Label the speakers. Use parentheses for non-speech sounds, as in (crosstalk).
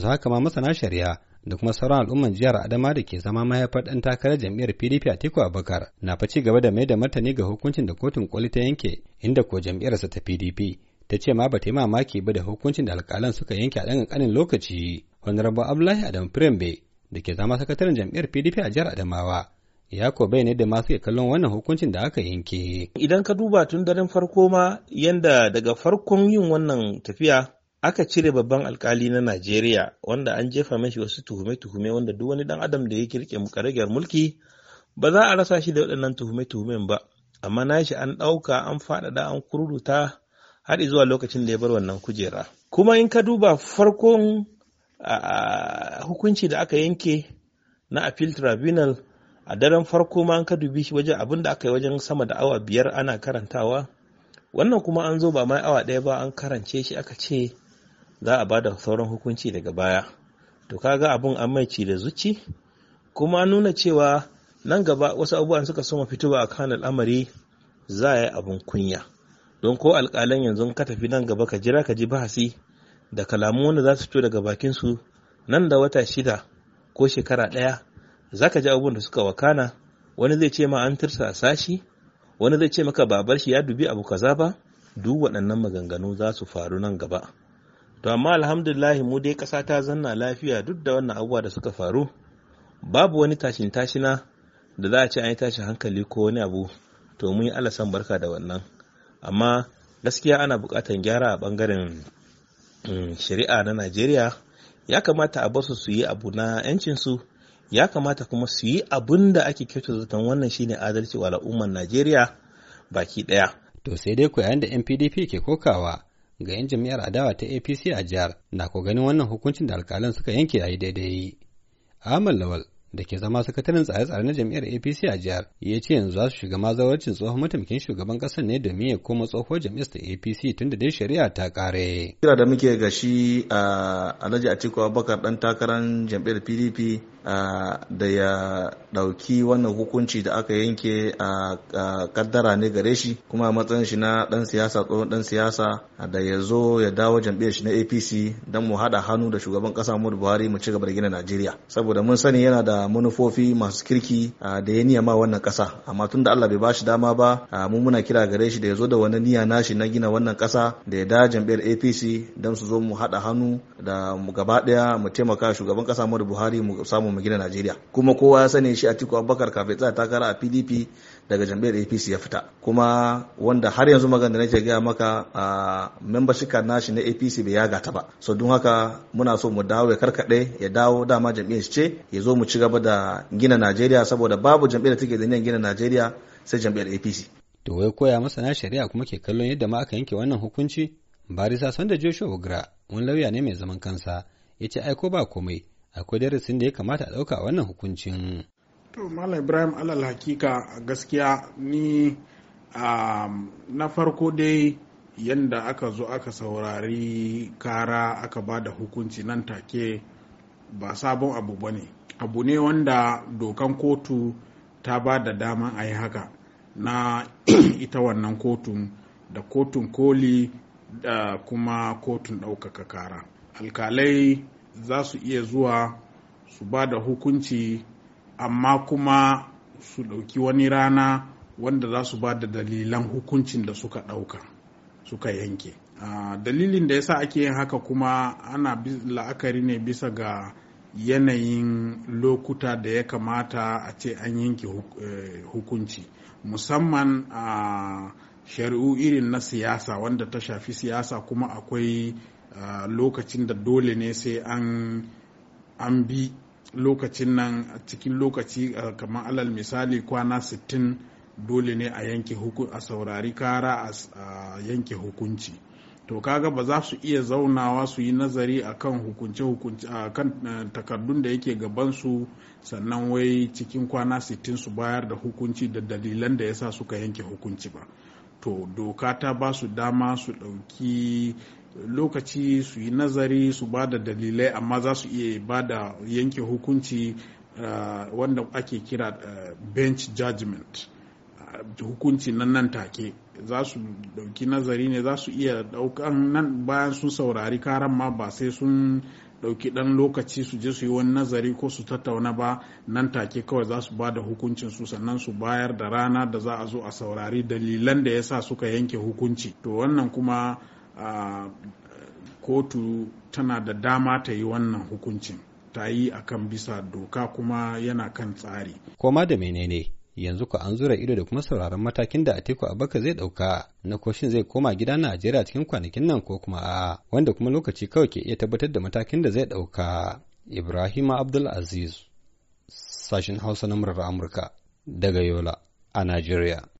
Speaker 1: yanzu haka ma masana shari'a da kuma sauran al'ummar jihar Adama da ke zama mahaifar ɗan takarar jam'iyyar PDP a Atiku Abubakar na fa ci gaba da mai da martani ga hukuncin da kotun koli ta yanke inda ko jam'iyyarsa ta PDP ta ce ma bata yi mamaki ba da hukuncin da alƙalan suka yanke a ɗan ƙanƙanin lokaci. Honorable Abdullahi Adam prembe da ke zama sakataren jam'iyyar PDP a jihar Adamawa ya ko bai ne da ma suke kallon wannan hukuncin da aka yanke. Idan ka duba tun daren farko ma
Speaker 2: yanda daga farkon yin wannan tafiya aka cire babban alkali na Najeriya wanda an jefa mashi wasu tuhume-tuhume wanda duk wani dan adam da ya kirke mukarragar mulki ba za a rasa shi da waɗannan tuhume-tuhumen ba amma na nashi an ɗauka an faɗaɗa an kururuta har zuwa lokacin da ya bar wannan kujera kuma in ka duba farkon hukunci da aka yanke na appeal tribunal a daren farko ma an ka dubi shi wajen abin da aka yi wajen sama da awa biyar ana karantawa wannan kuma an zo ba mai awa ɗaya ba an karance shi aka ce za a bada sauran hukunci daga baya to kaga abun an maici da zuci kuma nuna cewa nan gaba wasu abubuwan suka soma fito a kan al'amari za a yi abun kunya don ko alƙalan yanzu ka tafi nan gaba ka jira ka ji bahasi da kalamu wanda za su fito daga bakin su nan da wata shida ko shekara ɗaya za ka ji abubuwan da suka wakana wani zai ce ma an tirsa a sashi wani zai ce maka babar shi ya dubi abu kaza ba duk waɗannan maganganu za su faru nan gaba to amma alhamdulillahi mu dai ƙasa ta zanna lafiya duk da wannan abubuwa da suka faru babu wani tashin tashina da za a ce an yi tashin hankali ko wani abu to mun yi alasan barka da wannan amma gaskiya ana buƙatar gyara a ɓangaren mm, shari'a na najeriya ya kamata a basu su yi abu na 'yancinsu ya kamata kuma su yi abun da ake
Speaker 1: kyautar zaton wannan shine adalci wa al'ummar najeriya baki ɗaya to sai dai ku yayin da npdp ke kokawa ga 'yan jam'iyyar adawa ta apc a jihar na ko ganin wannan hukuncin da alkalan suka yanke a yi daidai ahmad lawal da ke zama sakataren tsare-tsare na jam'iyyar apc a jihar ya ce yanzu za su shiga mazawarcin tsohon mataimakin shugaban kasar ne domin ya koma tsohuwar jam'iyyar ta apc tun da dai shari'a ta kare
Speaker 3: kira da muke gashi a ah, alhaji atiku abubakar dan takarar jam'iyyar pdp da ya ɗauki wannan hukunci da aka yanke a kaddara ne gare shi kuma a matsayin shi na ɗan siyasa tsohon ɗan siyasa da ya zo ya dawo jam'iyyar shi na apc don mu haɗa hannu da shugaban kasa muhammadu buhari mu ci gaba da gina najeriya saboda mun sani yana da manufofi masu kirki da ya niyya ma wannan kasa amma tun da allah bai bashi dama ba mu muna kira gare shi da ya zo da wani niyya nashi na gina wannan kasa da ya dawo jam'iyyar apc don su zo mu haɗa hannu da mu gaba ɗaya mu taimaka shugaban ƙasa muhammadu buhari mu samu mu gina Najeriya kuma kowa ya sani shi Atiku Abubakar kafin tsaya takara a PDP daga jam'iyyar APC ya fita kuma wanda har yanzu magana da nake gaya maka a membership nashi na APC bai yaga ta ba so don haka muna so mu dawo ya karkade ya dawo dama jam'iyyar ce ya zo mu ci gaba da gina Najeriya saboda babu
Speaker 1: jam'iyyar take da niyyar gina Najeriya sai jam'iyyar APC to wai koya masana shari'a kuma ke kallon yadda ma aka yanke wannan hukunci barisa sanda Joshua Ogra wani lauya ne mai zaman kansa ya ce aiko ba komai akwai darasin da ya kamata a ɗauka wannan hukuncin.
Speaker 4: To Malam Ibrahim alal hakika gaskiya ni na farko dai yadda aka zo aka saurari kara aka ba da hukunci nan take ba sabon abu ba ne. Abu ne wanda dokan kotu ta ba da dama a yi haka na (clears throat) ita wannan kotun da kotun koli da kuma kotun ɗaukaka kara. Alkalai za su iya zuwa su ba da hukunci amma kuma su ɗauki wani rana wanda za su ba da dalilan hukuncin da suka ɗauka suka yanke dalilin da yasa ake yin haka kuma ana la'akari ne bisa ga yanayin lokuta da ya kamata a ce an yanke eh, hukunci musamman a shari'u irin na siyasa wanda ta shafi siyasa kuma akwai lokacin da dole ne sai an bi lokacin nan cikin lokaci kamar alal misali kwana 60 dole ne a yanke a saurari kara a yanke hukunci to kaga ba za su iya zaunawa su yi nazari akan hukunce hukunce kan eh, takardun da yake gabansu sannan wai cikin kwana 60 su bayar da hukunci da dalilan da yasa suka yanke hukunci ba to doka ta ba su dama su ɗauki lokaci su yi nazari su ba da dalilai amma za su iya ba da yanke hukunci uh, wanda ake kira uh, bench judgment uh, hukunci nan nan take za su dauki nazari ne za su iya daukan nan bayan sun saurari karan ma ba sai sun dauki dan lokaci su je su yi wani nazari ko su tattauna ba nan take kawai za su ba da hukuncin su sannan su bayar da rana da za a zo a saurari dalilan da ya sa suka yanke hukunci to wannan kuma kotu tana da dama ta yi wannan hukuncin ta yi a kan bisa doka kuma yana kan tsari
Speaker 1: koma da menene yanzu ko an zura ido da kuma sauraron matakin da Atiku Abubakar zai dauka na koshin zai koma gida Najeriya cikin kwanakin nan ko kuma a wanda kuma lokaci kawai ke iya tabbatar da matakin da zai dauka Ibrahim Abdul Aziz sashin Hausa na murar Amurka daga Yola a Najeriya